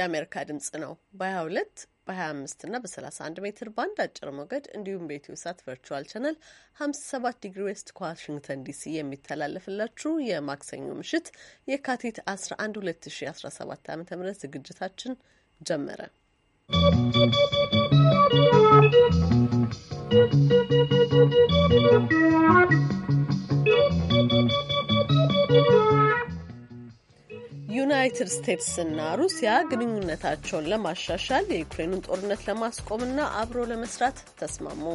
የአሜሪካ ድምጽ ነው። በ22 በ25 እና በ31 ሜትር ባንድ አጭር ሞገድ እንዲሁም በኢትዮ ሳት ቨርቹዋል ቻናል 57 ዲግሪ ዌስት ከዋሽንግተን ዲሲ የሚተላለፍላችሁ የማክሰኞ ምሽት የካቲት 11 2017 ዓ ም ዝግጅታችን ጀመረ። ¶¶ ዩናይትድ ስቴትስና ሩሲያ ግንኙነታቸውን ለማሻሻል የዩክሬኑን ጦርነት ለማስቆምና አብሮ ለመስራት ተስማሙ።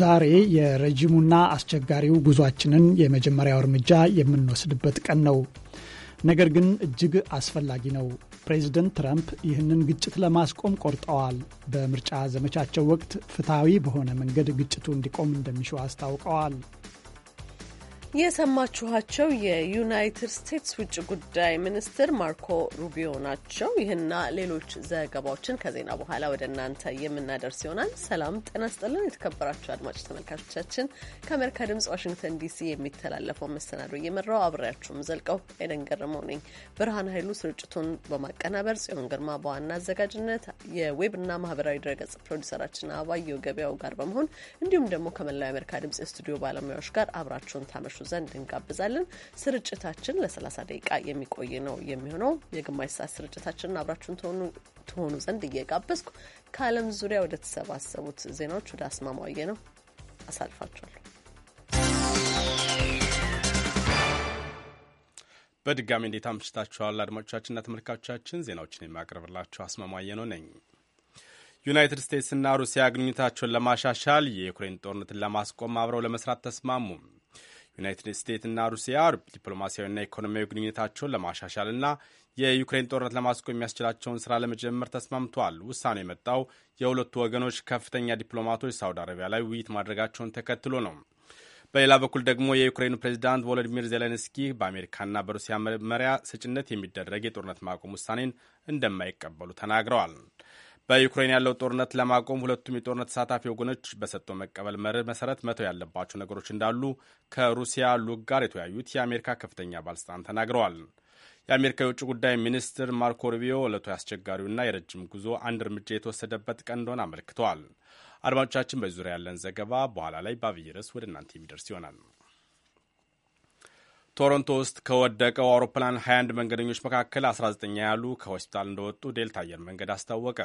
ዛሬ የረዥሙና አስቸጋሪው ጉዟችንን የመጀመሪያው እርምጃ የምንወስድበት ቀን ነው፣ ነገር ግን እጅግ አስፈላጊ ነው። ፕሬዚደንት ትራምፕ ይህንን ግጭት ለማስቆም ቆርጠዋል። በምርጫ ዘመቻቸው ወቅት ፍትሐዊ በሆነ መንገድ ግጭቱ እንዲቆም እንደሚሹ አስታውቀዋል። የሰማችኋቸው የዩናይትድ ስቴትስ ውጭ ጉዳይ ሚኒስትር ማርኮ ሩቢዮ ናቸው። ይህና ሌሎች ዘገባዎችን ከዜና በኋላ ወደ እናንተ የምናደርስ ይሆናል። ሰላም ጤና ስጥልን። የተከበራችሁ አድማጭ ተመልካቾቻችን ከአሜሪካ ድምጽ ዋሽንግተን ዲሲ የሚተላለፈው መሰናዶ እየመራው አብሬያችሁም ዘልቀው አይደን ገረመው ነኝ። ብርሃን ኃይሉ ስርጭቱን በማቀናበር ጽዮን ግርማ በዋና አዘጋጅነት የዌብና ማህበራዊ ድረገጽ ፕሮዲሰራችን አባየው ገበያው ጋር በመሆን እንዲሁም ደግሞ ከመላው የአሜሪካ ድምጽ የስቱዲዮ ባለሙያዎች ጋር አብራችሁን ታመሹ ዘንድ እንጋብዛለን። ስርጭታችን ለ30 ደቂቃ የሚቆይ ነው የሚሆነው። የግማሽ ሰዓት ስርጭታችንን አብራችሁን ትሆኑ ዘንድ እየጋበዝኩ ከዓለም ዙሪያ ወደ ተሰባሰቡት ዜናዎች ወደ አስማማየ ነው አሳልፋችኋለሁ። በድጋሚ እንዴት አምሽታችኋል አድማጮቻችንና ተመልካቾቻችን። ዜናዎችን የሚያቀርብላችሁ አስማማየ ነው ነኝ። ዩናይትድ ስቴትስና ሩሲያ ግንኙነታቸውን ለማሻሻል የዩክሬን ጦርነትን ለማስቆም አብረው ለመስራት ተስማሙ። ዩናይትድ ስቴትስና ሩሲያ ዲፕሎማሲያዊና ኢኮኖሚያዊ ግንኙነታቸውን ለማሻሻልና የዩክሬን ጦርነት ለማስቆም የሚያስችላቸውን ስራ ለመጀመር ተስማምተዋል። ውሳኔ የመጣው የሁለቱ ወገኖች ከፍተኛ ዲፕሎማቶች ሳውዲ አረቢያ ላይ ውይይት ማድረጋቸውን ተከትሎ ነው። በሌላ በኩል ደግሞ የዩክሬኑ ፕሬዚዳንት ቮሎዲሚር ዜሌንስኪ በአሜሪካና በሩሲያ መመሪያ ሰጭነት የሚደረግ የጦርነት ማቆም ውሳኔን እንደማይቀበሉ ተናግረዋል። በዩክሬን ያለው ጦርነት ለማቆም ሁለቱም የጦርነት ተሳታፊ ወገኖች በሰጠው መቀበል መርህ መሰረት መተው ያለባቸው ነገሮች እንዳሉ ከሩሲያ ሉግ ጋር የተወያዩት የአሜሪካ ከፍተኛ ባለስልጣን ተናግረዋል። የአሜሪካ የውጭ ጉዳይ ሚኒስትር ማርኮ ሩቢዮ እለቱ አስቸጋሪውና የረጅም ጉዞ አንድ እርምጃ የተወሰደበት ቀን እንደሆነ አመልክተዋል። አድማጮቻችን፣ በዚህ ዙሪያ ያለን ዘገባ በኋላ ላይ በአብይ ርዕስ ወደ እናንተ የሚደርስ ይሆናል። ቶሮንቶ ውስጥ ከወደቀው አውሮፕላን 21 መንገደኞች መካከል 19 ያሉ ከሆስፒታል እንደወጡ ዴልታ አየር መንገድ አስታወቀ።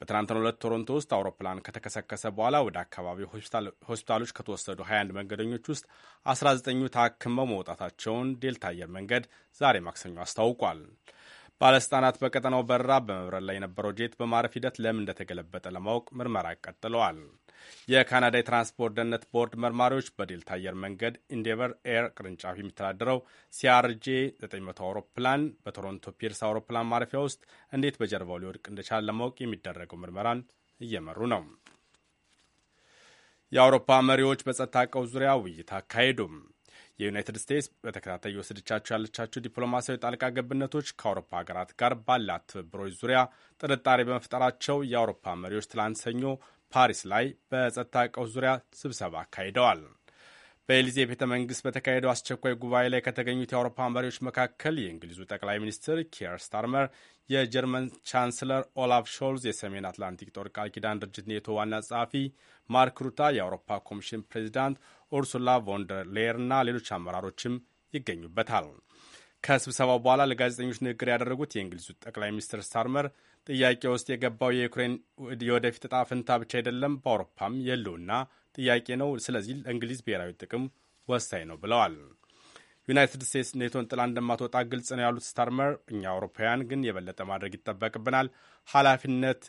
በትናንትናው ዕለት ቶሮንቶ ውስጥ አውሮፕላን ከተከሰከሰ በኋላ ወደ አካባቢው ሆስፒታሎች ከተወሰዱ 21 መንገደኞች ውስጥ 19ኙ ታክመው መውጣታቸውን ዴልታ አየር መንገድ ዛሬ ማክሰኞ አስታውቋል። ባለሥልጣናት በቀጠናው በረራ በመብረር ላይ የነበረው ጄት በማረፍ ሂደት ለምን እንደተገለበጠ ለማወቅ ምርመራ ቀጥለዋል። የካናዳ የትራንስፖርት ደህንነት ቦርድ መርማሪዎች በዴልታ አየር መንገድ ኢንዴቨር ኤር ቅርንጫፍ የሚተዳደረው ሲአርጄ 900 አውሮፕላን በቶሮንቶ ፒርስ አውሮፕላን ማረፊያ ውስጥ እንዴት በጀርባው ሊወድቅ እንደቻለ ለማወቅ የሚደረገው ምርመራን እየመሩ ነው። የአውሮፓ መሪዎች በጸጥታ ቀውስ ዙሪያ ውይይት አካሄዱም። የዩናይትድ ስቴትስ በተከታታይ የወሰደቻቸው ያለቻቸው ዲፕሎማሲያዊ ጣልቃ ገብነቶች ከአውሮፓ ሀገራት ጋር ባላት ትብብሮች ዙሪያ ጥርጣሬ በመፍጠራቸው የአውሮፓ መሪዎች ትላንት ሰኞ ፓሪስ ላይ በጸጥታ ቀውስ ዙሪያ ስብሰባ አካሂደዋል። በኤሊዜ ቤተ መንግስት በተካሄደው አስቸኳይ ጉባኤ ላይ ከተገኙት የአውሮፓ መሪዎች መካከል የእንግሊዙ ጠቅላይ ሚኒስትር ኪየር ስታርመር፣ የጀርመን ቻንስለር ኦላፍ ሾልዝ፣ የሰሜን አትላንቲክ ጦር ቃል ኪዳን ድርጅት ኔቶ ዋና ጸሐፊ ማርክ ሩታ፣ የአውሮፓ ኮሚሽን ፕሬዚዳንት ኡርሱላ ቮንደር ሌየር እና ሌሎች አመራሮችም ይገኙበታል። ከስብሰባው በኋላ ለጋዜጠኞች ንግግር ያደረጉት የእንግሊዙ ጠቅላይ ሚኒስትር ስታርመር ጥያቄ ውስጥ የገባው የዩክሬን የወደፊት እጣ ፈንታ ብቻ አይደለም፣ በአውሮፓም የህልውና ጥያቄ ነው። ስለዚህ ለእንግሊዝ ብሔራዊ ጥቅም ወሳኝ ነው ብለዋል። ዩናይትድ ስቴትስ ኔቶን ጥላ እንደማትወጣ ግልጽ ነው ያሉት ስታርመር፣ እኛ አውሮፓውያን ግን የበለጠ ማድረግ ይጠበቅብናል። ኃላፊነት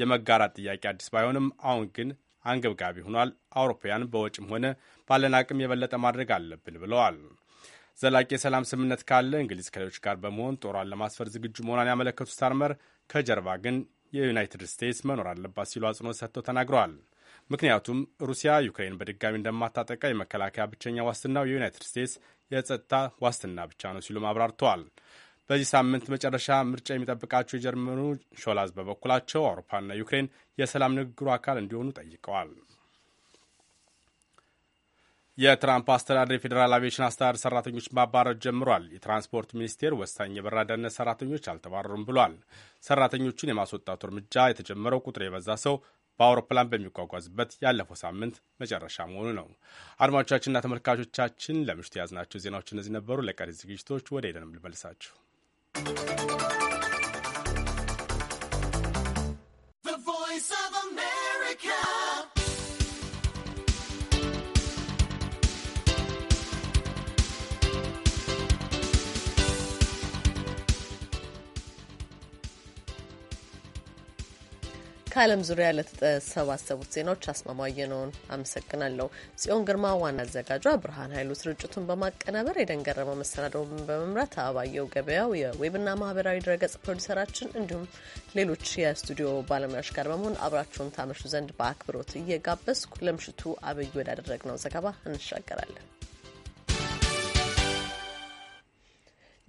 የመጋራት ጥያቄ አዲስ ባይሆንም አሁን ግን አንገብጋቢ ሆኗል። አውሮፓውያን በወጪም ሆነ ባለን አቅም የበለጠ ማድረግ አለብን ብለዋል። ዘላቂ የሰላም ስምምነት ካለ እንግሊዝ ከሌሎች ጋር በመሆን ጦሯን ለማስፈር ዝግጁ መሆኗን ያመለከቱት ስታርመር ከጀርባ ግን የዩናይትድ ስቴትስ መኖር አለባት ሲሉ አጽንኦት ሰጥተው ተናግረዋል። ምክንያቱም ሩሲያ ዩክሬን በድጋሚ እንደማታጠቃ የመከላከያ ብቸኛ ዋስትናው የዩናይትድ ስቴትስ የጸጥታ ዋስትና ብቻ ነው ሲሉም አብራርተዋል። በዚህ ሳምንት መጨረሻ ምርጫ የሚጠብቃቸው የጀርመኑ ሾላዝ በበኩላቸው አውሮፓና ዩክሬን የሰላም ንግግሩ አካል እንዲሆኑ ጠይቀዋል። የትራምፕ አስተዳደር የፌዴራል አቪዬሽን አስተዳደር ሰራተኞች ማባረር ጀምሯል። የትራንስፖርት ሚኒስቴር ወሳኝ የበረራ ደህንነት ሰራተኞች አልተባረሩም ብሏል። ሰራተኞቹን የማስወጣቱ እርምጃ የተጀመረው ቁጥር የበዛ ሰው በአውሮፕላን በሚጓጓዝበት ያለፈው ሳምንት መጨረሻ መሆኑ ነው። አድማጮቻችንና ተመልካቾቻችን ለምሽቱ የያዝናቸው ዜናዎች እነዚህ ነበሩ። ለቀሪ ዝግጅቶች ወደ ሄደንም ልመልሳችሁ። ከዓለም ዙሪያ ለተሰባሰቡት ዜናዎች አስማማየ ነውን አመሰግናለሁ። ጽዮን ግርማ ዋና አዘጋጇ፣ ብርሃን ኃይሉ ስርጭቱን በማቀናበር የደንገረመው መሰናደውን በመምራት አባየው ገበያው የዌብና ማህበራዊ ድረገጽ ፕሮዲሰራችን፣ እንዲሁም ሌሎች የስቱዲዮ ባለሙያዎች ጋር በመሆን አብራችሁን ታመሹ ዘንድ በአክብሮት እየጋበዝኩ ለምሽቱ አብይ ወዳደረግነው ዘገባ እንሻገራለን።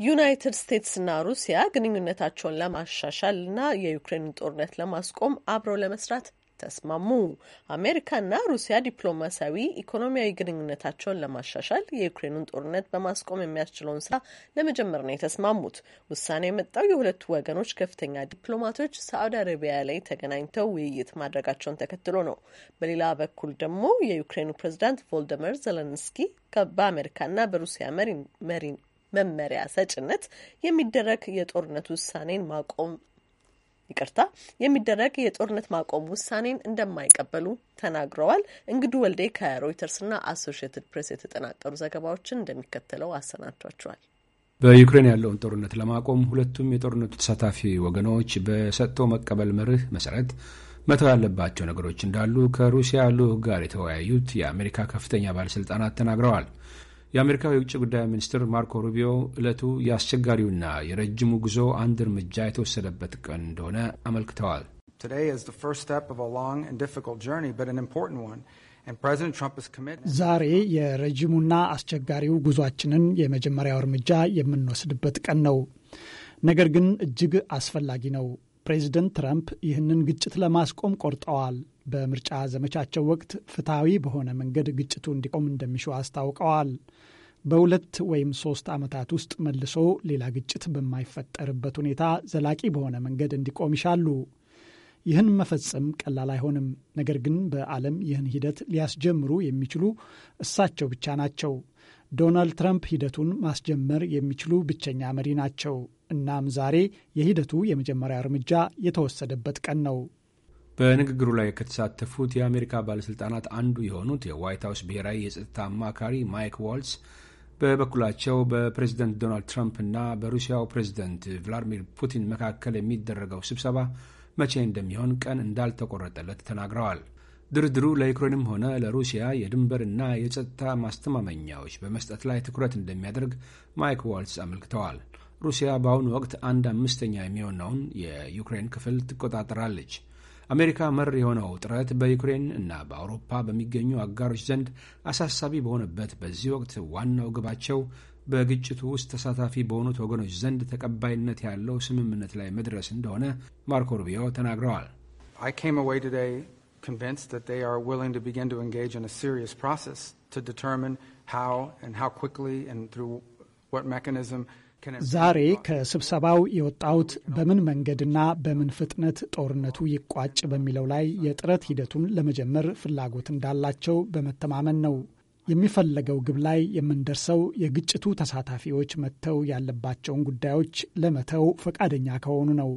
ዩናይትድ ስቴትስና ሩሲያ ግንኙነታቸውን ለማሻሻልና የዩክሬንን ጦርነት ለማስቆም አብረው ለመስራት ተስማሙ። አሜሪካና ሩሲያ ዲፕሎማሲያዊ፣ ኢኮኖሚያዊ ግንኙነታቸውን ለማሻሻል የዩክሬኑን ጦርነት በማስቆም የሚያስችለውን ስራ ለመጀመር ነው የተስማሙት። ውሳኔ የመጣው የሁለቱ ወገኖች ከፍተኛ ዲፕሎማቶች ሳዑዲ አረቢያ ላይ ተገናኝተው ውይይት ማድረጋቸውን ተከትሎ ነው። በሌላ በኩል ደግሞ የዩክሬኑ ፕሬዚዳንት ቮልደመር ዘለንስኪ በአሜሪካና በሩሲያ መመሪያ ሰጭነት የሚደረግ የጦርነት ውሳኔን ማቆም ይቅርታ የሚደረግ የጦርነት ማቆም ውሳኔን እንደማይቀበሉ ተናግረዋል። እንግዱ ወልዴ ከሮይተርስና አሶሽትድ ፕሬስ የተጠናቀሩ ዘገባዎችን እንደሚከተለው አሰናድቷቸዋል። በዩክሬን ያለውን ጦርነት ለማቆም ሁለቱም የጦርነቱ ተሳታፊ ወገኖች በሰጥቶ መቀበል መርህ መሰረት መተው ያለባቸው ነገሮች እንዳሉ ከሩሲያ ልዑክ ጋር የተወያዩት የአሜሪካ ከፍተኛ ባለስልጣናት ተናግረዋል። የአሜሪካው የውጭ ጉዳይ ሚኒስትር ማርኮ ሩቢዮ ዕለቱ የአስቸጋሪውና የረጅሙ ጉዞ አንድ እርምጃ የተወሰደበት ቀን እንደሆነ አመልክተዋል። ዛሬ የረጅሙና አስቸጋሪው ጉዟችንን የመጀመሪያው እርምጃ የምንወስድበት ቀን ነው። ነገር ግን እጅግ አስፈላጊ ነው። ፕሬዚደንት ትራምፕ ይህንን ግጭት ለማስቆም ቆርጠዋል። በምርጫ ዘመቻቸው ወቅት ፍትሐዊ በሆነ መንገድ ግጭቱ እንዲቆም እንደሚሹ አስታውቀዋል። በሁለት ወይም ሶስት ዓመታት ውስጥ መልሶ ሌላ ግጭት በማይፈጠርበት ሁኔታ ዘላቂ በሆነ መንገድ እንዲቆም ይሻሉ። ይህን መፈጸም ቀላል አይሆንም። ነገር ግን በዓለም ይህን ሂደት ሊያስጀምሩ የሚችሉ እሳቸው ብቻ ናቸው። ዶናልድ ትራምፕ ሂደቱን ማስጀመር የሚችሉ ብቸኛ መሪ ናቸው። እናም ዛሬ የሂደቱ የመጀመሪያ እርምጃ የተወሰደበት ቀን ነው። በንግግሩ ላይ ከተሳተፉት የአሜሪካ ባለሥልጣናት አንዱ የሆኑት የዋይት ሀውስ ብሔራዊ የጸጥታ አማካሪ ማይክ ዋልስ በበኩላቸው በፕሬዝደንት ዶናልድ ትራምፕ እና በሩሲያው ፕሬዝደንት ቭላዲሚር ፑቲን መካከል የሚደረገው ስብሰባ መቼ እንደሚሆን ቀን እንዳልተቆረጠለት ተናግረዋል። ድርድሩ ለዩክሬንም ሆነ ለሩሲያ የድንበርና የጸጥታ ማስተማመኛዎች በመስጠት ላይ ትኩረት እንደሚያደርግ ማይክ ዋልስ አመልክተዋል። ሩሲያ በአሁኑ ወቅት አንድ አምስተኛ የሚሆነውን የዩክሬን ክፍል ትቆጣጠራለች። አሜሪካ መር የሆነው ጥረት በዩክሬን እና በአውሮፓ በሚገኙ አጋሮች ዘንድ አሳሳቢ በሆነበት በዚህ ወቅት ዋናው ግባቸው በግጭቱ ውስጥ ተሳታፊ በሆኑት ወገኖች ዘንድ ተቀባይነት ያለው ስምምነት ላይ መድረስ እንደሆነ ማርኮ ሩቢዮ ተናግረዋል። ሪዮ ዛሬ ከስብሰባው የወጣሁት በምን መንገድና በምን ፍጥነት ጦርነቱ ይቋጭ በሚለው ላይ የጥረት ሂደቱን ለመጀመር ፍላጎት እንዳላቸው በመተማመን ነው። የሚፈለገው ግብ ላይ የምንደርሰው የግጭቱ ተሳታፊዎች መተው ያለባቸውን ጉዳዮች ለመተው ፈቃደኛ ከሆኑ ነው።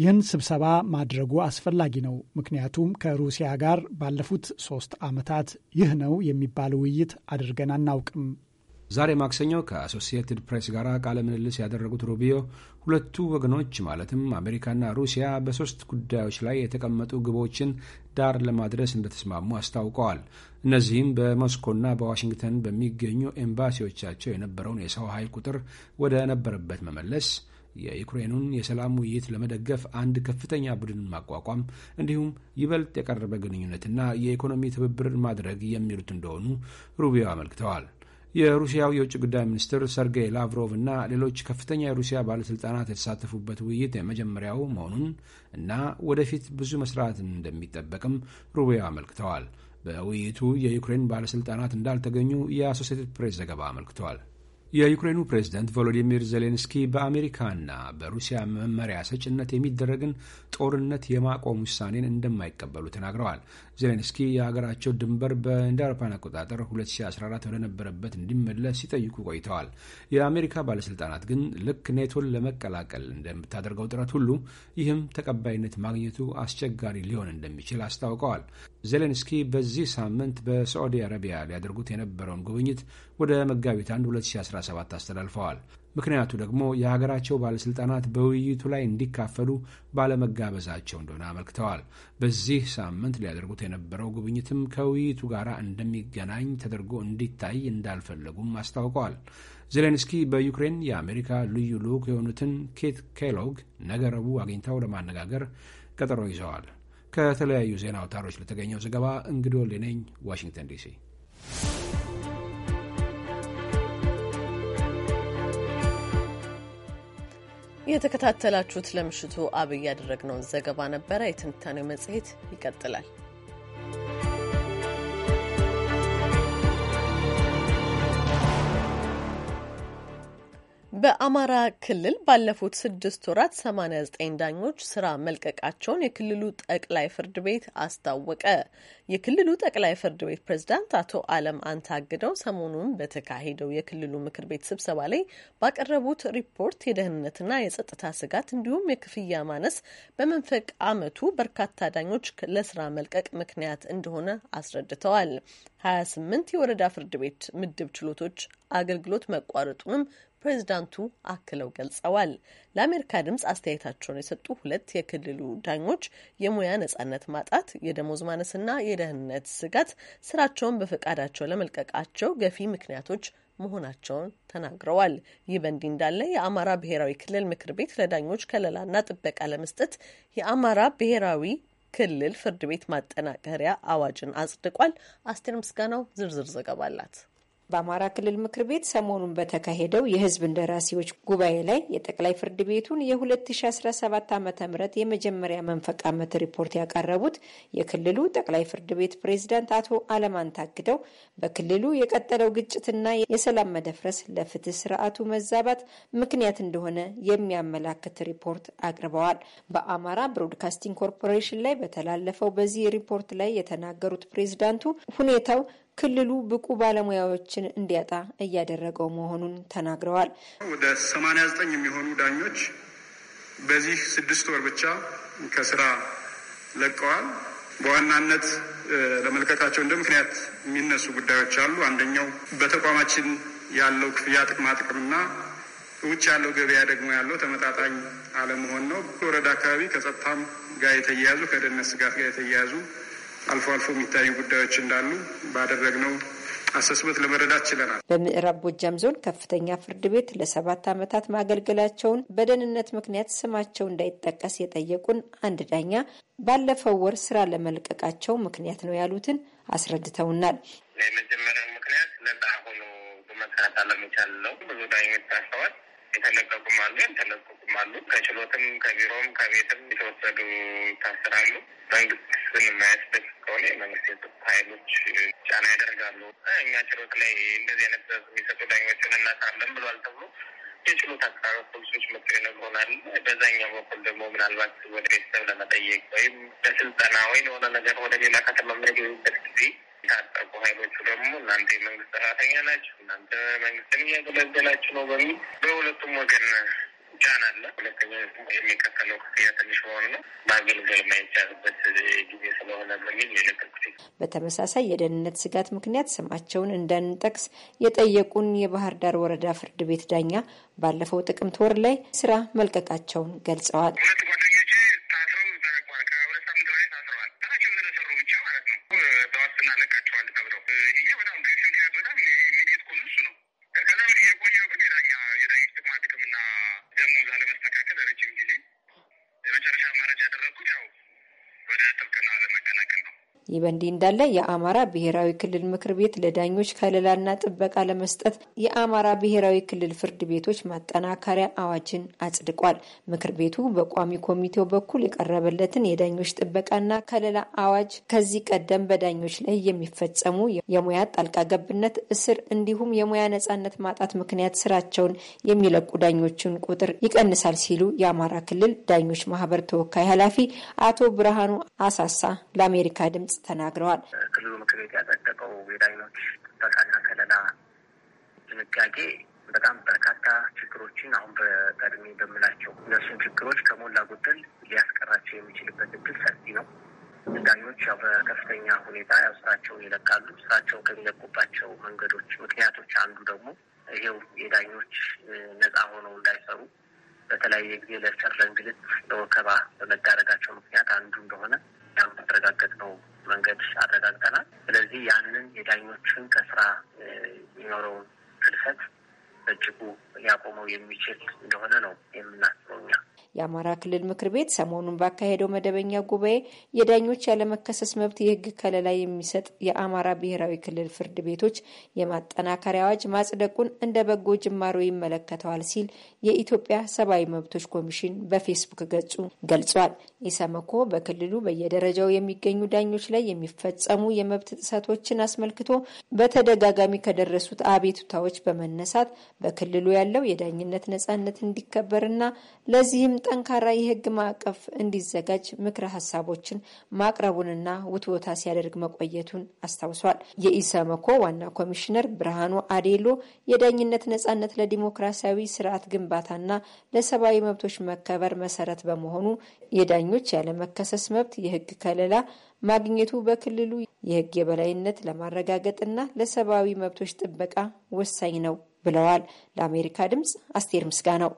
ይህን ስብሰባ ማድረጉ አስፈላጊ ነው። ምክንያቱም ከሩሲያ ጋር ባለፉት ሶስት ዓመታት ይህ ነው የሚባል ውይይት አድርገን አናውቅም። ዛሬ ማክሰኞ ከአሶሲየትድ ፕሬስ ጋር ቃለ ምልልስ ያደረጉት ሩቢዮ ሁለቱ ወገኖች ማለትም አሜሪካና ሩሲያ በሶስት ጉዳዮች ላይ የተቀመጡ ግቦችን ዳር ለማድረስ እንደተስማሙ አስታውቀዋል። እነዚህም በሞስኮና በዋሽንግተን በሚገኙ ኤምባሲዎቻቸው የነበረውን የሰው ኃይል ቁጥር ወደ ነበረበት መመለስ፣ የዩክሬኑን የሰላም ውይይት ለመደገፍ አንድ ከፍተኛ ቡድን ማቋቋም እንዲሁም ይበልጥ የቀረበ ግንኙነትና የኢኮኖሚ ትብብር ማድረግ የሚሉት እንደሆኑ ሩቢዮ አመልክተዋል። የሩሲያው የውጭ ጉዳይ ሚኒስትር ሰርጌይ ላቭሮቭ እና ሌሎች ከፍተኛ የሩሲያ ባለሥልጣናት የተሳተፉበት ውይይት የመጀመሪያው መሆኑን እና ወደፊት ብዙ መስራት እንደሚጠበቅም ሩቢዮ አመልክተዋል። በውይይቱ የዩክሬን ባለሥልጣናት እንዳልተገኙ የአሶሴትድ ፕሬስ ዘገባ አመልክተዋል። የዩክሬኑ ፕሬዝደንት ቮሎዲሚር ዜሌንስኪ በአሜሪካና በሩሲያ መመሪያ ሰጭነት የሚደረግን ጦርነት የማቆም ውሳኔን እንደማይቀበሉ ተናግረዋል። ዜሌንስኪ የሀገራቸው ድንበር በእንደ አውሮፓውያን አቆጣጠር 2014 ወደነበረበት እንዲመለስ ሲጠይቁ ቆይተዋል። የአሜሪካ ባለስልጣናት ግን ልክ ኔቶን ለመቀላቀል እንደምታደርገው ጥረት ሁሉ ይህም ተቀባይነት ማግኘቱ አስቸጋሪ ሊሆን እንደሚችል አስታውቀዋል። ዜሌንስኪ በዚህ ሳምንት በሳዑዲ አረቢያ ሊያደርጉት የነበረውን ጉብኝት ወደ መጋቢት 1 2017 አስተላልፈዋል። ምክንያቱ ደግሞ የሀገራቸው ባለሥልጣናት በውይይቱ ላይ እንዲካፈሉ ባለመጋበዛቸው እንደሆነ አመልክተዋል። በዚህ ሳምንት ሊያደርጉት የነበረው ጉብኝትም ከውይይቱ ጋር እንደሚገናኝ ተደርጎ እንዲታይ እንዳልፈለጉም አስታውቀዋል። ዜሌንስኪ በዩክሬን የአሜሪካ ልዩ ልዑክ የሆኑትን ኬት ኬሎግ ነገ ረቡዕ አግኝተው ለማነጋገር ቀጠሮ ይዘዋል። ከተለያዩ ዜና አውታሮች ለተገኘው ዘገባ እንግዶ ሌነኝ ዋሽንግተን ዲሲ። የተከታተላችሁት ለምሽቱ አብይ ያደረግነውን ዘገባ ነበረ። የትንታኔው መጽሔት ይቀጥላል። በአማራ ክልል ባለፉት ስድስት ወራት 89 ዳኞች ስራ መልቀቃቸውን የክልሉ ጠቅላይ ፍርድ ቤት አስታወቀ። የክልሉ ጠቅላይ ፍርድ ቤት ፕሬዝዳንት አቶ አለም አንታግደው ሰሞኑን በተካሄደው የክልሉ ምክር ቤት ስብሰባ ላይ ባቀረቡት ሪፖርት የደህንነትና የጸጥታ ስጋት እንዲሁም የክፍያ ማነስ በመንፈቅ ዓመቱ በርካታ ዳኞች ለስራ መልቀቅ ምክንያት እንደሆነ አስረድተዋል። 28 የወረዳ ፍርድ ቤት ምድብ ችሎቶች አገልግሎት መቋረጡንም ፕሬዚዳንቱ አክለው ገልጸዋል። ለአሜሪካ ድምጽ አስተያየታቸውን የሰጡ ሁለት የክልሉ ዳኞች የሙያ ነጻነት ማጣት፣ የደሞዝ ማነስና የደህንነት ስጋት ስራቸውን በፈቃዳቸው ለመልቀቃቸው ገፊ ምክንያቶች መሆናቸውን ተናግረዋል። ይህ በእንዲህ እንዳለ የአማራ ብሔራዊ ክልል ምክር ቤት ለዳኞች ከለላና ጥበቃ ለመስጠት የአማራ ብሔራዊ ክልል ፍርድ ቤት ማጠናከሪያ አዋጅን አጽድቋል። አስቴር ምስጋናው ዝርዝር ዘገባ አላት። በአማራ ክልል ምክር ቤት ሰሞኑን በተካሄደው የህዝብ እንደራሴዎች ጉባኤ ላይ የጠቅላይ ፍርድ ቤቱን የ2017 ዓ ም የመጀመሪያ መንፈቅ ዓመት ሪፖርት ያቀረቡት የክልሉ ጠቅላይ ፍርድ ቤት ፕሬዝዳንት አቶ አለማን ታግደው በክልሉ የቀጠለው ግጭትና የሰላም መደፍረስ ለፍትህ ስርዓቱ መዛባት ምክንያት እንደሆነ የሚያመላክት ሪፖርት አቅርበዋል። በአማራ ብሮድካስቲንግ ኮርፖሬሽን ላይ በተላለፈው በዚህ ሪፖርት ላይ የተናገሩት ፕሬዝዳንቱ ሁኔታው ክልሉ ብቁ ባለሙያዎችን እንዲያጣ እያደረገው መሆኑን ተናግረዋል። ወደ 89 የሚሆኑ ዳኞች በዚህ ስድስት ወር ብቻ ከስራ ለቀዋል። በዋናነት ለመልከታቸው እንደ ምክንያት የሚነሱ ጉዳዮች አሉ። አንደኛው በተቋማችን ያለው ክፍያ ጥቅማ ጥቅምና ውጭ ያለው ገበያ ደግሞ ያለው ተመጣጣኝ አለመሆን ነው። ወረዳ አካባቢ ከጸጥታም ጋር የተያያዙ ከደህንነት ስጋት ጋር የተያያዙ አልፎ አልፎ የሚታዩ ጉዳዮች እንዳሉ ባደረግነው አሰስበት ለመረዳት ችለናል። በምዕራብ ጎጃም ዞን ከፍተኛ ፍርድ ቤት ለሰባት ዓመታት ማገልገላቸውን በደህንነት ምክንያት ስማቸው እንዳይጠቀስ የጠየቁን አንድ ዳኛ ባለፈው ወር ስራ ለመልቀቃቸው ምክንያት ነው ያሉትን አስረድተውናል። የመጀመሪያው ምክንያት ነጻ ሆኖ አለመቻል ነው። ብዙ ዳኞች የተለቀቁም አሉ፣ ያልተለቀቁም አሉ። ከችሎትም ከቢሮም ከቤትም የተወሰዱ ይታሰራሉ። መንግስትን የማያስደስት ከሆነ የመንግስት የጸጥታ ኃይሎች ጫና ያደርጋሉ። እኛ ችሎት ላይ እንደዚህ አይነት የሚሰጡ ዳኞችን እናሳለን ብሏል ተብሎ የችሎት አካባቢ ፖሊሶች መጥቶ ይነግሮናል። በዛኛው በኩል ደግሞ ምናልባት ወደ ቤተሰብ ለመጠየቅ ወይም ለስልጠና ወይ ለሆነ ነገር ወደ ሌላ ከተማ መሄድ የሚበት ጊዜ የታጠቁ ኃይሎቹ ደግሞ እናንተ የመንግስት ሰራተኛ ናችሁ፣ እናንተ መንግስትን እያገለገላችሁ ነው በሚል በሁለቱም ወገን ጫና አለ። ሁለተኛ የሚከፈለው ክፍያ ትንሽ መሆኑ ነው ማገልገል የማይቻልበት ጊዜ ስለሆነ በሚል በተመሳሳይ የደህንነት ስጋት ምክንያት ስማቸውን እንዳንጠቅስ የጠየቁን የባህር ዳር ወረዳ ፍርድ ቤት ዳኛ ባለፈው ጥቅምት ወር ላይ ስራ መልቀቃቸውን ገልጸዋል። ሁለት ጓደኛ ይህ በእንዲህ እንዳለ የአማራ ብሔራዊ ክልል ምክር ቤት ለዳኞች ከለላና ጥበቃ ለመስጠት የአማራ ብሔራዊ ክልል ፍርድ ቤቶች ማጠናከሪያ አዋጅን አጽድቋል። ምክር ቤቱ በቋሚ ኮሚቴው በኩል የቀረበለትን የዳኞች ጥበቃና ከለላ አዋጅ ከዚህ ቀደም በዳኞች ላይ የሚፈጸሙ የሙያ ጣልቃ ገብነት፣ እስር እንዲሁም የሙያ ነጻነት ማጣት ምክንያት ስራቸውን የሚለቁ ዳኞችን ቁጥር ይቀንሳል ሲሉ የአማራ ክልል ዳኞች ማህበር ተወካይ ኃላፊ አቶ ብርሃኑ አሳሳ ለአሜሪካ ድምጽ ተናግረዋል። ክልሉ ምክር ቤት ያጸደቀው የዳኞች ጥበቃና ከለላ ድንጋጌ በጣም በርካታ ችግሮችን አሁን በቀድሚ በምላቸው እነሱን ችግሮች ከሞላ ጎደል ሊያስቀራቸው የሚችልበት እድል ሰፊ ነው። ዳኞች ያው በከፍተኛ ሁኔታ ያው ስራቸውን ይለቃሉ። ስራቸውን ከሚለቁባቸው መንገዶች ምክንያቶች አንዱ ደግሞ ይሄው የዳኞች ነጻ ሆነው እንዳይሰሩ በተለያየ ጊዜ ለእስር፣ ለእንግልት፣ ለወከባ በመዳረጋቸው ምክንያት አንዱ እንደሆነ ያው ተረጋገጥ ነው መንገድ አረጋግጠናል። ስለዚህ ያንን የዳኞችን ከስራ የሚኖረውን ፍልሰት በእጅጉ ሊያቆመው የሚችል እንደሆነ ነው የምናስበው እኛ። የአማራ ክልል ምክር ቤት ሰሞኑን ባካሄደው መደበኛ ጉባኤ የዳኞች ያለመከሰስ መብት የህግ ከለላ የሚሰጥ የአማራ ብሔራዊ ክልል ፍርድ ቤቶች የማጠናከሪያ አዋጅ ማጽደቁን እንደ በጎ ጅማሮ ይመለከተዋል ሲል የኢትዮጵያ ሰብአዊ መብቶች ኮሚሽን በፌስቡክ ገጹ ገልጿል። ኢሰመኮ በክልሉ በየደረጃው የሚገኙ ዳኞች ላይ የሚፈጸሙ የመብት ጥሰቶችን አስመልክቶ በተደጋጋሚ ከደረሱት አቤቱታዎች በመነሳት በክልሉ ያለው የዳኝነት ነጻነት እንዲከበርና ለዚህም ጠንካራ የሕግ ማዕቀፍ እንዲዘጋጅ ምክረ ሀሳቦችን ማቅረቡንና ውትወታ ሲያደርግ መቆየቱን አስታውሷል። የኢሰመኮ ዋና ኮሚሽነር ብርሃኑ አዴሎ የዳኝነት ነጻነት ለዲሞክራሲያዊ ስርዓት ግንባታና ለሰብአዊ መብቶች መከበር መሰረት በመሆኑ የዳኞች ያለመከሰስ መብት የህግ ከለላ ማግኘቱ በክልሉ የህግ የበላይነት ለማረጋገጥና ለሰብአዊ መብቶች ጥበቃ ወሳኝ ነው ብለዋል። ለአሜሪካ ድምጽ አስቴር ምስጋ ነው።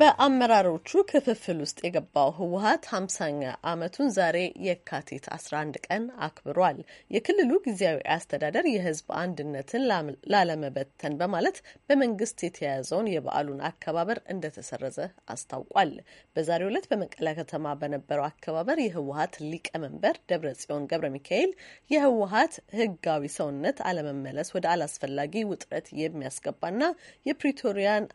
በአመራሮቹ ክፍፍል ውስጥ የገባው ህወሀት ሀምሳኛ ዓመቱን ዛሬ የካቲት 11 ቀን አክብሯል። የክልሉ ጊዜያዊ አስተዳደር የህዝብ አንድነትን ላለመበተን በማለት በመንግስት የተያያዘውን የበዓሉን አከባበር እንደተሰረዘ አስታውቋል። በዛሬው ዕለት በመቀለ ከተማ በነበረው አከባበር የህወሀት ሊቀመንበር ደብረጽዮን ገብረ ሚካኤል የህወሀት ህጋዊ ሰውነት አለመመለስ ወደ አላስፈላጊ ውጥረት የሚያስገባና የፕሪቶሪያን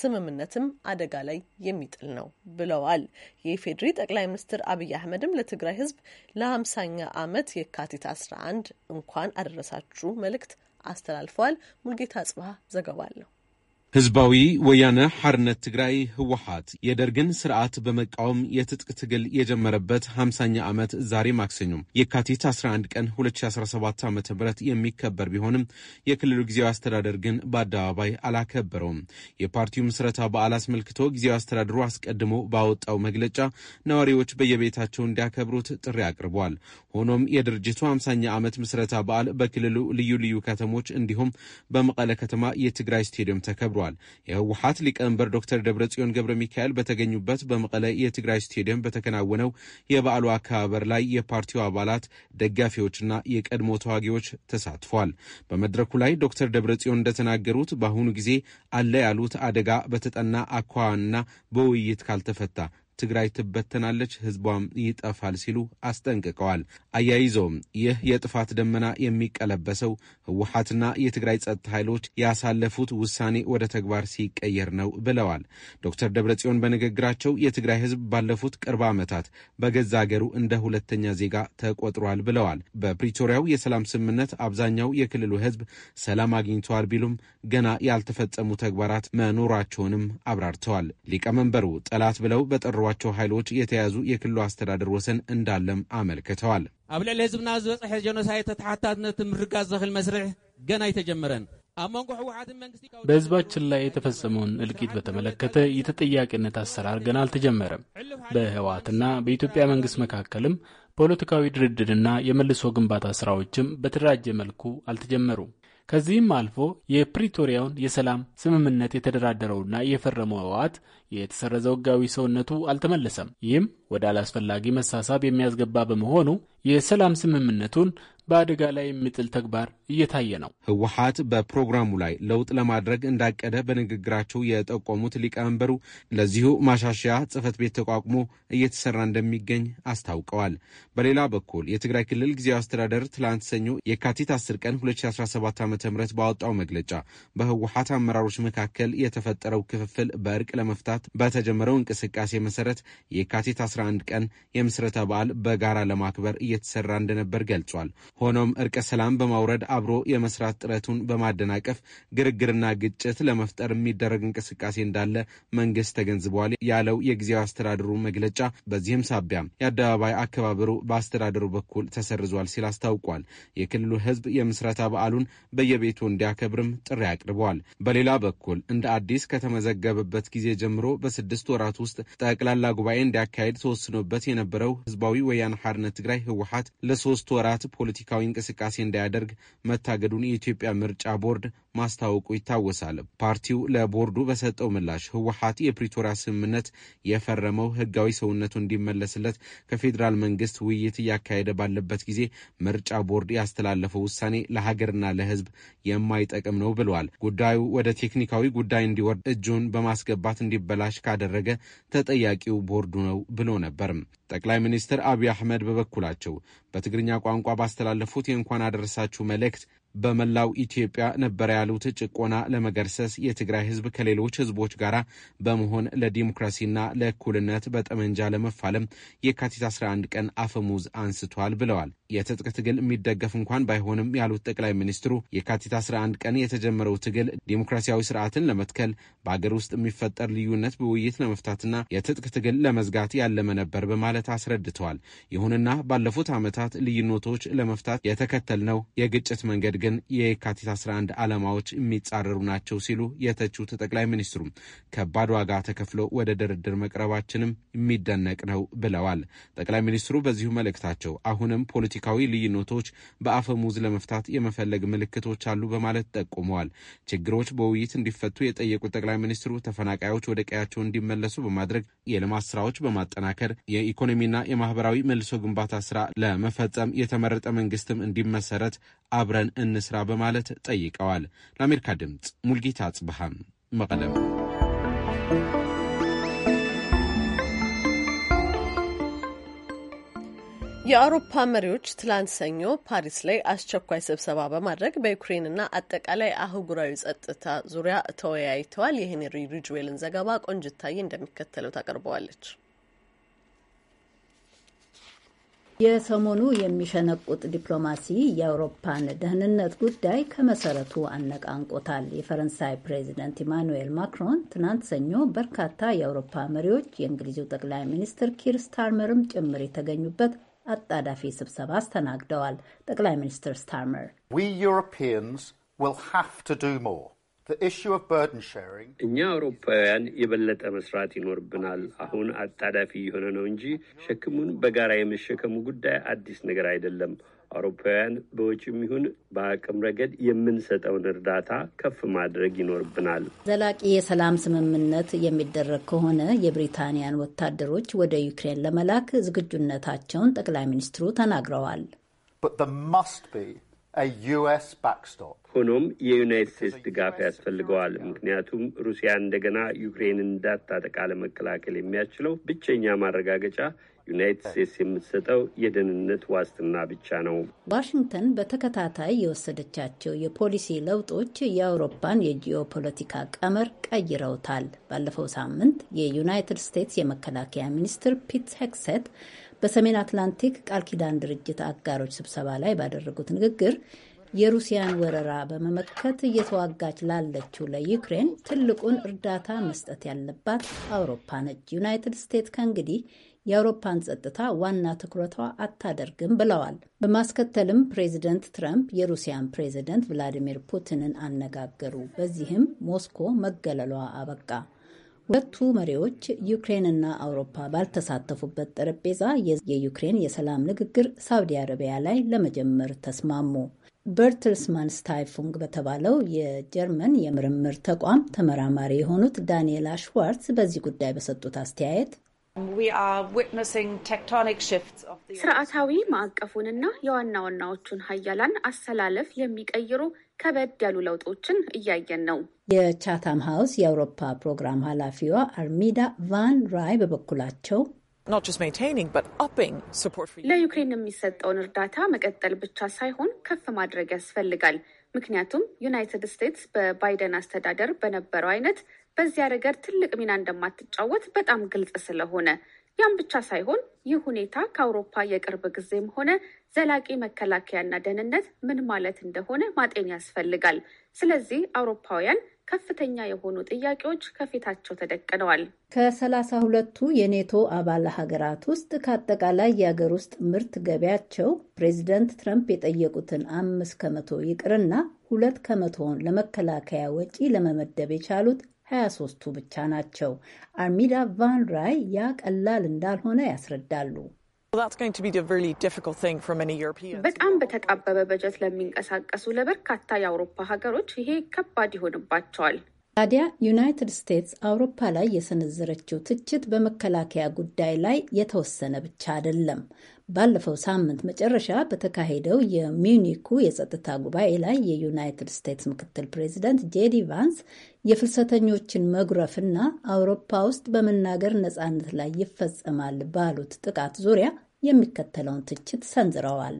ስምምነትም አደጋ ላይ የሚጥል ነው ብለዋል። የኢፌዴሪ ጠቅላይ ሚኒስትር አብይ አህመድም ለትግራይ ህዝብ ለሀምሳኛ አመት የካቲት 11 እንኳን አደረሳችሁ መልእክት አስተላልፈዋል። ሙልጌታ ጽባህ ዘገባ አለው። ህዝባዊ ወያነ ሐርነት ትግራይ ህወሓት የደርግን ስርዓት በመቃወም የትጥቅ ትግል የጀመረበት 50ኛ ዓመት ዛሬ ማክሰኞ የካቲት 11 ቀን 2017 ዓ ም የሚከበር ቢሆንም የክልሉ ጊዜያዊ አስተዳደር ግን በአደባባይ አላከበረውም። የፓርቲው ምስረታ በዓል አስመልክቶ ጊዜያዊ አስተዳደሩ አስቀድሞ ባወጣው መግለጫ ነዋሪዎች በየቤታቸው እንዲያከብሩት ጥሪ አቅርበዋል። ሆኖም የድርጅቱ 50ኛ ዓመት ምስረታ በዓል በክልሉ ልዩ ልዩ ከተሞች እንዲሁም በመቀለ ከተማ የትግራይ ስቴዲየም ተከብሯል። ተናግሯል። የህወሀት ሊቀመንበር ዶክተር ደብረጽዮን ገብረ ሚካኤል በተገኙበት በመቀለ የትግራይ ስቴዲየም በተከናወነው የበዓሉ አከባበር ላይ የፓርቲው አባላት፣ ደጋፊዎችና የቀድሞ ተዋጊዎች ተሳትፏል። በመድረኩ ላይ ዶክተር ደብረጽዮን እንደተናገሩት በአሁኑ ጊዜ አለ ያሉት አደጋ በተጠና አኳዋንና በውይይት ካልተፈታ ትግራይ ትበተናለች፣ ህዝቧም ይጠፋል ሲሉ አስጠንቅቀዋል። አያይዘውም ይህ የጥፋት ደመና የሚቀለበሰው ህወሓትና የትግራይ ጸጥታ ኃይሎች ያሳለፉት ውሳኔ ወደ ተግባር ሲቀየር ነው ብለዋል። ዶክተር ደብረጽዮን በንግግራቸው የትግራይ ህዝብ ባለፉት ቅርብ ዓመታት በገዛ አገሩ እንደ ሁለተኛ ዜጋ ተቆጥሯል ብለዋል። በፕሪቶሪያው የሰላም ስምምነት አብዛኛው የክልሉ ህዝብ ሰላም አግኝተዋል ቢሉም ገና ያልተፈጸሙ ተግባራት መኖራቸውንም አብራርተዋል። ሊቀመንበሩ ጠላት ብለው በጠሯ ባሏቸው ኃይሎች የተያዙ የክልሉ አስተዳደር ወሰን እንዳለም አመልክተዋል። ኣብ ልዕሊ ህዝብና ዝበፅሐ ጀኖሳይ ተተሓታትነት ምርጋዝ ዘኽል መስርሕ ገና ኣይተጀመረን በህዝባችን ላይ የተፈጸመውን እልቂት በተመለከተ የተጠያቂነት አሰራር ገና አልተጀመረም። በህወሓትና በኢትዮጵያ መንግሥት መካከልም ፖለቲካዊ ድርድርና የመልሶ ግንባታ ሥራዎችም በተደራጀ መልኩ አልተጀመሩም። ከዚህም አልፎ የፕሪቶሪያውን የሰላም ስምምነት የተደራደረውና የፈረመው ህወሓት የተሰረዘው ሕጋዊ ሰውነቱ አልተመለሰም። ይህም ወደ አላስፈላጊ መሳሳብ የሚያስገባ በመሆኑ የሰላም ስምምነቱን በአደጋ ላይ የሚጥል ተግባር እየታየ ነው። ህወሀት በፕሮግራሙ ላይ ለውጥ ለማድረግ እንዳቀደ በንግግራቸው የጠቆሙት ሊቀመንበሩ ለዚሁ ማሻሻያ ጽህፈት ቤት ተቋቁሞ እየተሰራ እንደሚገኝ አስታውቀዋል። በሌላ በኩል የትግራይ ክልል ጊዜያዊ አስተዳደር ትላንት ሰኞ የካቲት 10 ቀን 2017 ዓ ም ባወጣው መግለጫ በህወሀት አመራሮች መካከል የተፈጠረው ክፍፍል በእርቅ ለመፍታት ለማሳካት በተጀመረው እንቅስቃሴ መሰረት የካቲት 11 ቀን የምስረተ በዓል በጋራ ለማክበር እየተሰራ እንደነበር ገልጿል። ሆኖም እርቀ ሰላም በማውረድ አብሮ የመስራት ጥረቱን በማደናቀፍ ግርግርና ግጭት ለመፍጠር የሚደረግ እንቅስቃሴ እንዳለ መንግስት ተገንዝበዋል ያለው የጊዜያዊ አስተዳደሩ መግለጫ፣ በዚህም ሳቢያ የአደባባይ አከባበሩ በአስተዳደሩ በኩል ተሰርዟል ሲል አስታውቋል። የክልሉ ህዝብ የምስረታ በዓሉን በየቤቱ እንዲያከብርም ጥሪ አቅርበዋል። በሌላ በኩል እንደ አዲስ ከተመዘገበበት ጊዜ ጀምሮ በስድስት ወራት ውስጥ ጠቅላላ ጉባኤ እንዲያካሄድ ተወስኖበት የነበረው ህዝባዊ ወያነ ሓርነት ትግራይ ህወሓት ለሶስት ወራት ፖለቲካዊ እንቅስቃሴ እንዳያደርግ መታገዱን የኢትዮጵያ ምርጫ ቦርድ ማስታወቁ ይታወሳል። ፓርቲው ለቦርዱ በሰጠው ምላሽ ህወሀት የፕሪቶሪያ ስምምነት የፈረመው ህጋዊ ሰውነቱ እንዲመለስለት ከፌዴራል መንግስት ውይይት እያካሄደ ባለበት ጊዜ ምርጫ ቦርድ ያስተላለፈው ውሳኔ ለሀገርና ለህዝብ የማይጠቅም ነው ብለዋል። ጉዳዩ ወደ ቴክኒካዊ ጉዳይ እንዲወርድ እጁን በማስገባት እንዲበላሽ ካደረገ ተጠያቂው ቦርዱ ነው ብሎ ነበር። ጠቅላይ ሚኒስትር አብይ አህመድ በበኩላቸው በትግርኛ ቋንቋ ባስተላለፉት የእንኳን አደረሳችሁ መልእክት በመላው ኢትዮጵያ ነበረ ያሉት ጭቆና ለመገርሰስ የትግራይ ህዝብ ከሌሎች ህዝቦች ጋር በመሆን ለዲሞክራሲና ለእኩልነት በጠመንጃ ለመፋለም የካቲት 11 ቀን አፈሙዝ አንስቷል ብለዋል። የትጥቅ ትግል የሚደገፍ እንኳን ባይሆንም ያሉት ጠቅላይ ሚኒስትሩ የካቲት 11 ቀን የተጀመረው ትግል ዴሞክራሲያዊ ስርዓትን ለመትከል በአገር ውስጥ የሚፈጠር ልዩነት በውይይት ለመፍታትና የትጥቅ ትግል ለመዝጋት ያለመ ነበር በማለት አስረድተዋል። ይሁንና ባለፉት ዓመታት ልዩነቶች ለመፍታት የተከተልነው የግጭት መንገድ ግን የካቲት 11 ዓላማዎች የሚጻረሩ ናቸው ሲሉ የተቹት ጠቅላይ ሚኒስትሩም ከባድ ዋጋ ተከፍሎ ወደ ድርድር መቅረባችንም የሚደነቅ ነው ብለዋል። ጠቅላይ ሚኒስትሩ በዚሁ መልእክታቸው አሁንም ፖለቲ ፖለቲካዊ ልዩነቶች በአፈሙዝ ለመፍታት የመፈለግ ምልክቶች አሉ በማለት ጠቁመዋል። ችግሮች በውይይት እንዲፈቱ የጠየቁት ጠቅላይ ሚኒስትሩ ተፈናቃዮች ወደ ቀያቸው እንዲመለሱ በማድረግ የልማት ስራዎች በማጠናከር የኢኮኖሚና የማህበራዊ መልሶ ግንባታ ስራ ለመፈጸም የተመረጠ መንግስትም እንዲመሰረት አብረን እንስራ በማለት ጠይቀዋል። ለአሜሪካ ድምፅ ሙልጌታ አጽብሃም መቀለም የአውሮፓ መሪዎች ትላንት ሰኞ ፓሪስ ላይ አስቸኳይ ስብሰባ በማድረግ በዩክሬንና አጠቃላይ አህጉራዊ ጸጥታ ዙሪያ ተወያይተዋል። የሄንሪ ሪጅዌልን ዘገባ ቆንጅታዬ እንደሚከተለው ታቀርበዋለች። የሰሞኑ የሚሸነቁጥ ዲፕሎማሲ የአውሮፓን ደህንነት ጉዳይ ከመሰረቱ አነቃንቆታል። የፈረንሳይ ፕሬዚደንት ኢማኑኤል ማክሮን ትናንት ሰኞ በርካታ የአውሮፓ መሪዎች፣ የእንግሊዙ ጠቅላይ ሚኒስትር ኪር ስታርመርም ጭምር የተገኙበት አጣዳፊ ስብሰባ አስተናግደዋል። ጠቅላይ ሚኒስትር ስታርመር እኛ አውሮፓውያን የበለጠ መስራት ይኖርብናል። አሁን አጣዳፊ የሆነ ነው እንጂ ሸክሙን በጋራ የመሸከሙ ጉዳይ አዲስ ነገር አይደለም። አውሮፓውያን በውጭም ይሁን በአቅም ረገድ የምንሰጠውን እርዳታ ከፍ ማድረግ ይኖርብናል። ዘላቂ የሰላም ስምምነት የሚደረግ ከሆነ የብሪታንያን ወታደሮች ወደ ዩክሬን ለመላክ ዝግጁነታቸውን ጠቅላይ ሚኒስትሩ ተናግረዋል። ሆኖም የዩናይት ስቴትስ ድጋፍ ያስፈልገዋል። ምክንያቱም ሩሲያ እንደገና ዩክሬን እንዳታጠቃ ለመከላከል የሚያስችለው ብቸኛ ማረጋገጫ ዩናይትድ ስቴትስ የምትሰጠው የደህንነት ዋስትና ብቻ ነው። ዋሽንግተን በተከታታይ የወሰደቻቸው የፖሊሲ ለውጦች የአውሮፓን የጂኦፖለቲካ ቀመር ቀይረውታል። ባለፈው ሳምንት የዩናይትድ ስቴትስ የመከላከያ ሚኒስትር ፒት ሄክሰት በሰሜን አትላንቲክ ቃል ኪዳን ድርጅት አጋሮች ስብሰባ ላይ ባደረጉት ንግግር የሩሲያን ወረራ በመመከት እየተዋጋች ላለችው ለዩክሬን ትልቁን እርዳታ መስጠት ያለባት አውሮፓ ነች። ዩናይትድ ስቴትስ ከእንግዲህ የአውሮፓን ጸጥታ ዋና ትኩረቷ አታደርግም ብለዋል። በማስከተልም ፕሬዚደንት ትራምፕ የሩሲያን ፕሬዚደንት ቭላዲሚር ፑቲንን አነጋገሩ። በዚህም ሞስኮ መገለሏ አበቃ። ሁለቱ መሪዎች ዩክሬንና አውሮፓ ባልተሳተፉበት ጠረጴዛ የዩክሬን የሰላም ንግግር ሳውዲ አረቢያ ላይ ለመጀመር ተስማሙ። በርትልስማን ስታይፉንግ በተባለው የጀርመን የምርምር ተቋም ተመራማሪ የሆኑት ዳንኤላ ሽዋርትስ በዚህ ጉዳይ በሰጡት አስተያየት ስርዓታዊ ማዕቀፉንና የዋና ዋናዎቹን ሀያላን አሰላለፍ የሚቀይሩ ከበድ ያሉ ለውጦችን እያየን ነው። የቻታም ሀውስ የአውሮፓ ፕሮግራም ኃላፊዋ አርሚዳ ቫን ራይ በበኩላቸው ለዩክሬን የሚሰጠውን እርዳታ መቀጠል ብቻ ሳይሆን ከፍ ማድረግ ያስፈልጋል። ምክንያቱም ዩናይትድ ስቴትስ በባይደን አስተዳደር በነበረው አይነት በዚያ ረገድ ትልቅ ሚና እንደማትጫወት በጣም ግልጽ ስለሆነ ያም ብቻ ሳይሆን ይህ ሁኔታ ከአውሮፓ የቅርብ ጊዜም ሆነ ዘላቂ መከላከያና ደህንነት ምን ማለት እንደሆነ ማጤን ያስፈልጋል። ስለዚህ አውሮፓውያን ከፍተኛ የሆኑ ጥያቄዎች ከፊታቸው ተደቅነዋል። ከሰላሳ ሁለቱ የኔቶ አባል ሀገራት ውስጥ ከአጠቃላይ የሀገር ውስጥ ምርት ገቢያቸው ፕሬዚደንት ትረምፕ የጠየቁትን አምስት ከመቶ ይቅርና ሁለት ከመቶውን ለመከላከያ ወጪ ለመመደብ የቻሉት 23ቱ ብቻ ናቸው። አርሚዳ ቫን ራይ ያ ቀላል እንዳልሆነ ያስረዳሉ። በጣም በተጣበበ በጀት ለሚንቀሳቀሱ ለበርካታ የአውሮፓ ሀገሮች ይሄ ከባድ ይሆንባቸዋል። ታዲያ ዩናይትድ ስቴትስ አውሮፓ ላይ የሰነዘረችው ትችት በመከላከያ ጉዳይ ላይ የተወሰነ ብቻ አይደለም። ባለፈው ሳምንት መጨረሻ በተካሄደው የሚኒኩ የጸጥታ ጉባኤ ላይ የዩናይትድ ስቴትስ ምክትል ፕሬዚደንት ጄዲ ቫንስ የፍልሰተኞችን መጉረፍና አውሮፓ ውስጥ በመናገር ነጻነት ላይ ይፈጸማል ባሉት ጥቃት ዙሪያ የሚከተለውን ትችት ሰንዝረዋል።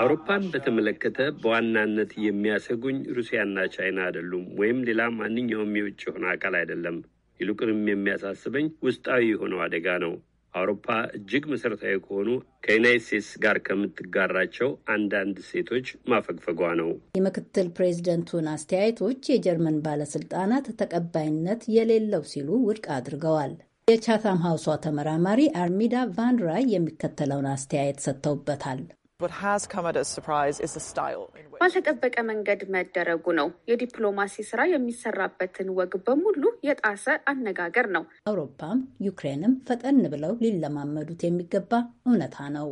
አውሮፓን በተመለከተ በዋናነት የሚያሰጉኝ ሩሲያና ቻይና አይደሉም፣ ወይም ሌላ ማንኛውም የውጭ የሆነ አካል አይደለም። ይልቁንም የሚያሳስበኝ ውስጣዊ የሆነው አደጋ ነው። አውሮፓ እጅግ መሠረታዊ ከሆኑ ከዩናይት ስቴትስ ጋር ከምትጋራቸው አንዳንድ ሴቶች ማፈግፈጓ ነው። የምክትል ፕሬዚደንቱን አስተያየቶች የጀርመን ባለስልጣናት ተቀባይነት የሌለው ሲሉ ውድቅ አድርገዋል። የቻታም ሀውሷ ተመራማሪ አርሚዳ ቫንድራይ የሚከተለውን አስተያየት ሰጥተውበታል። ባልተጠበቀ መንገድ መደረጉ ነው። የዲፕሎማሲ ስራ የሚሰራበትን ወግ በሙሉ የጣሰ አነጋገር ነው። አውሮፓም ዩክሬንም ፈጠን ብለው ሊለማመዱት የሚገባ እውነታ ነው።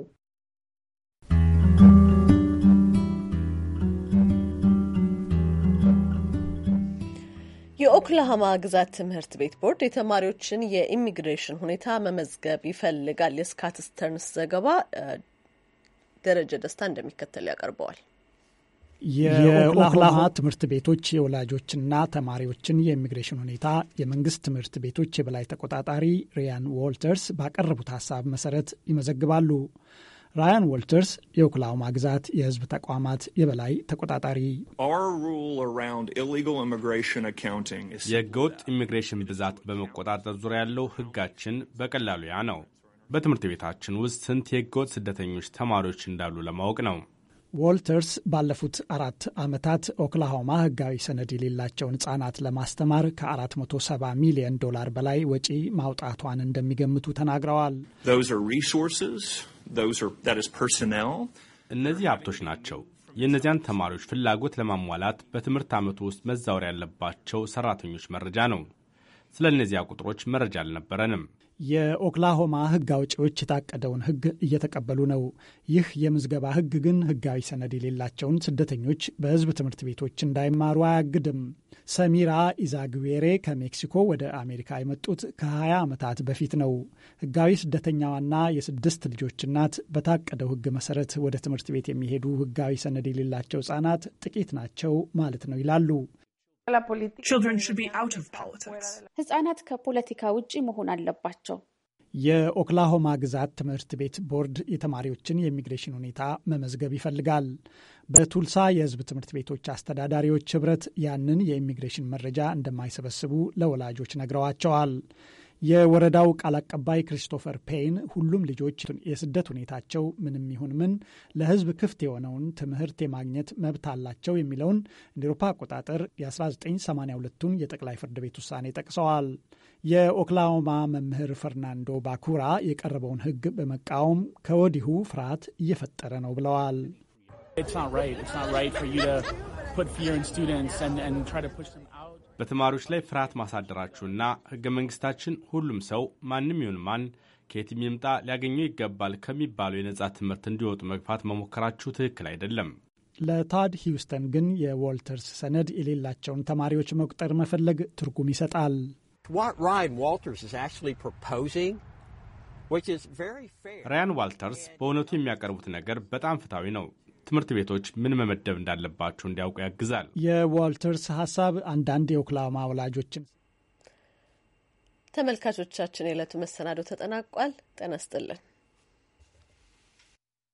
የኦክላሃማ ግዛት ትምህርት ቤት ቦርድ የተማሪዎችን የኢሚግሬሽን ሁኔታ መመዝገብ ይፈልጋል። የስካት ዘገባ ደረጀ ደስታ እንደሚከተል ያቀርበዋል። የኦክላሆማ ትምህርት ቤቶች የወላጆችና ተማሪዎችን የኢሚግሬሽን ሁኔታ የመንግስት ትምህርት ቤቶች የበላይ ተቆጣጣሪ ሪያን ዎልተርስ ባቀረቡት ሀሳብ መሰረት ይመዘግባሉ። ራያን ዎልተርስ የኦክላሆማ ግዛት የህዝብ ተቋማት የበላይ ተቆጣጣሪ፣ የህገወጥ ኢሚግሬሽን ብዛት በመቆጣጠር ዙሪያ ያለው ህጋችን በቀላሉ ያ ነው። በትምህርት ቤታችን ውስጥ ስንት የህገወጥ ስደተኞች ተማሪዎች እንዳሉ ለማወቅ ነው። ዎልተርስ ባለፉት አራት ዓመታት ኦክላሆማ ህጋዊ ሰነድ የሌላቸውን ህጻናት ለማስተማር ከ470 ሚሊዮን ዶላር በላይ ወጪ ማውጣቷን እንደሚገምቱ ተናግረዋል። እነዚህ ሀብቶች ናቸው። የእነዚያን ተማሪዎች ፍላጎት ለማሟላት በትምህርት ዓመቱ ውስጥ መዛወር ያለባቸው ሰራተኞች መረጃ ነው። ስለ እነዚያ ቁጥሮች መረጃ አልነበረንም። የኦክላሆማ ሕግ አውጪዎች የታቀደውን ሕግ እየተቀበሉ ነው። ይህ የምዝገባ ሕግ ግን ሕጋዊ ሰነድ የሌላቸውን ስደተኞች በሕዝብ ትምህርት ቤቶች እንዳይማሩ አያግድም። ሰሚራ ኢዛግዌሬ ከሜክሲኮ ወደ አሜሪካ የመጡት ከ20 ዓመታት በፊት ነው። ሕጋዊ ስደተኛዋና የስድስት ልጆች እናት በታቀደው ሕግ መሰረት ወደ ትምህርት ቤት የሚሄዱ ሕጋዊ ሰነድ የሌላቸው ሕጻናት ጥቂት ናቸው ማለት ነው ይላሉ። ህጻናት ከፖለቲካ ውጪ መሆን አለባቸው። የኦክላሆማ ግዛት ትምህርት ቤት ቦርድ የተማሪዎችን የኢሚግሬሽን ሁኔታ መመዝገብ ይፈልጋል። በቱልሳ የህዝብ ትምህርት ቤቶች አስተዳዳሪዎች ህብረት ያንን የኢሚግሬሽን መረጃ እንደማይሰበስቡ ለወላጆች ነግረዋቸዋል። የወረዳው ቃል አቀባይ ክሪስቶፈር ፔይን ሁሉም ልጆች የስደት ሁኔታቸው ምንም ይሁን ምን ለሕዝብ ክፍት የሆነውን ትምህርት የማግኘት መብት አላቸው የሚለውን እንደ አውሮፓ አቆጣጠር የ1982ቱን የጠቅላይ ፍርድ ቤት ውሳኔ ጠቅሰዋል። የኦክላሆማ መምህር ፈርናንዶ ባኩራ የቀረበውን ሕግ በመቃወም ከወዲሁ ፍርሃት እየፈጠረ ነው ብለዋል። በተማሪዎች ላይ ፍርሃት ማሳደራችሁና ህገ መንግስታችን ሁሉም ሰው ማንም ይሁን ማን ከየትም ይምጣ ሊያገኘው ይገባል ከሚባለው የነጻ ትምህርት እንዲወጡ መግፋት መሞከራችሁ ትክክል አይደለም። ለታድ ሂውስተን ግን የዋልተርስ ሰነድ የሌላቸውን ተማሪዎች መቁጠር መፈለግ ትርጉም ይሰጣል። ራያን ዋልተርስ በእውነቱ የሚያቀርቡት ነገር በጣም ፍትሐዊ ነው። ትምህርት ቤቶች ምን መመደብ እንዳለባቸው እንዲያውቁ ያግዛል። የዋልተርስ ሀሳብ አንዳንድ የኦክላማ ወላጆችን ተመልካቾቻችን የዕለቱ መሰናዶ ተጠናቋል። ጤና ይስጥልን።